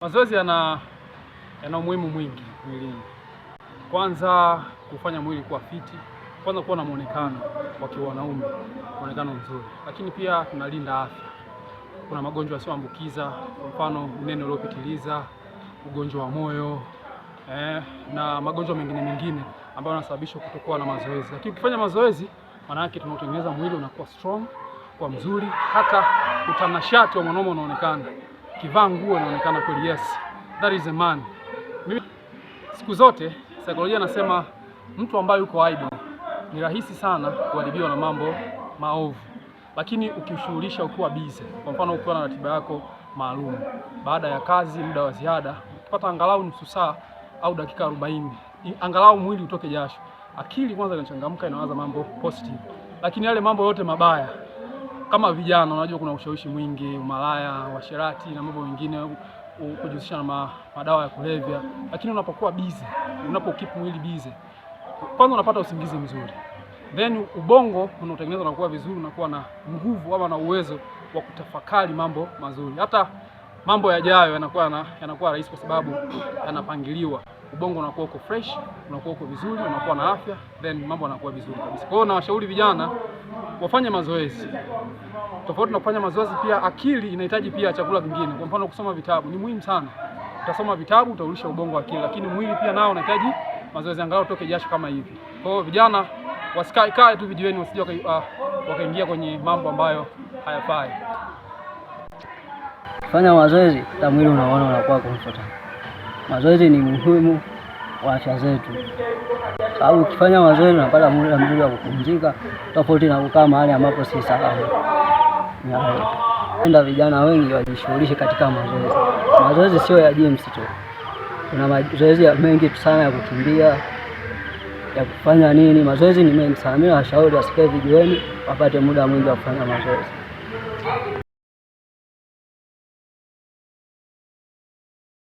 Mazoezi yana yana umuhimu mwingi mwilini. Kwanza kufanya mwili kuwa fiti, kwanza kuwa na muonekano wa kiwanaume, muonekano mzuri, lakini pia tunalinda afya. Kuna magonjwa yasiyoambukiza, kwa mfano unene uliopitiliza, ugonjwa wa moyo eh, na magonjwa mengine mengine ambayo yanasababishwa kutokuwa na mazoezi. Lakini ukifanya mazoezi, maana yake tunatengeneza mwili unakuwa strong, kwa mzuri, hata utanashati wa mwanaume unaonekana kivaa nguo inaonekana kweli, yes that is a man. Mimi siku zote saikolojia nasema mtu ambaye yuko aibu ni rahisi sana kuharibiwa na mambo maovu, lakini ukishughulisha ukiwa busy, kwa mfano ukiwa na ratiba yako maalum, baada ya kazi, muda wa ziada, ukipata angalau nusu saa au dakika 40 angalau mwili utoke jasho, akili kwanza inachangamka, inawaza mambo positive, lakini yale mambo yote mabaya kama vijana, unajua kuna ushawishi mwingi, umalaya, uasherati na mambo mengine, kujihusisha na madawa ya kulevya. Lakini unapokuwa busy, unapokeep mwili busy, kwanza unapata usingizi mzuri, then ubongo unaotengeneza unakuwa vizuri, unakuwa na nguvu ama na uwezo wa kutafakari mambo mazuri, hata mambo yajayo yanakuwa yanakuwa rahisi kwa sababu yanapangiliwa ubongo unakuwa uko fresh, unakuwa uko vizuri, unakuwa na afya, then mambo yanakuwa vizuri kabisa. Kwa hiyo nawashauri vijana wafanye mazoezi. Tofauti na kufanya mazoezi, pia akili inahitaji pia chakula kingine. Kwa mfano, kusoma vitabu ni muhimu sana. Utasoma vitabu, utaulisha ubongo wa akili, lakini mwili pia nao unahitaji mazoezi, angalau toke jasho kama hivi. Kwa hiyo vijana wasikae kae tu vijiweni, wasije wakaingia uh, wakaingia kwenye mambo ambayo hayafai. Fanya mazoezi, hata mwili unaona unakuwa comfortable. Mazoezi ni muhimu kwa afya zetu, sababu ukifanya mazoezi unapata muda mzuri wa kupumzika, tofauti na kukaa mahali ambapo si salama. Napenda vijana wengi wajishughulishe katika mazoezi. Mazoezi sio ya gym tu, kuna mazoezi ya mengi sana ya kukimbia, ya kufanya nini. Mazoezi ni mengi sana. Mimi nawashauri wasikae vijiweni, wapate muda mwingi wa kufanya mazoezi.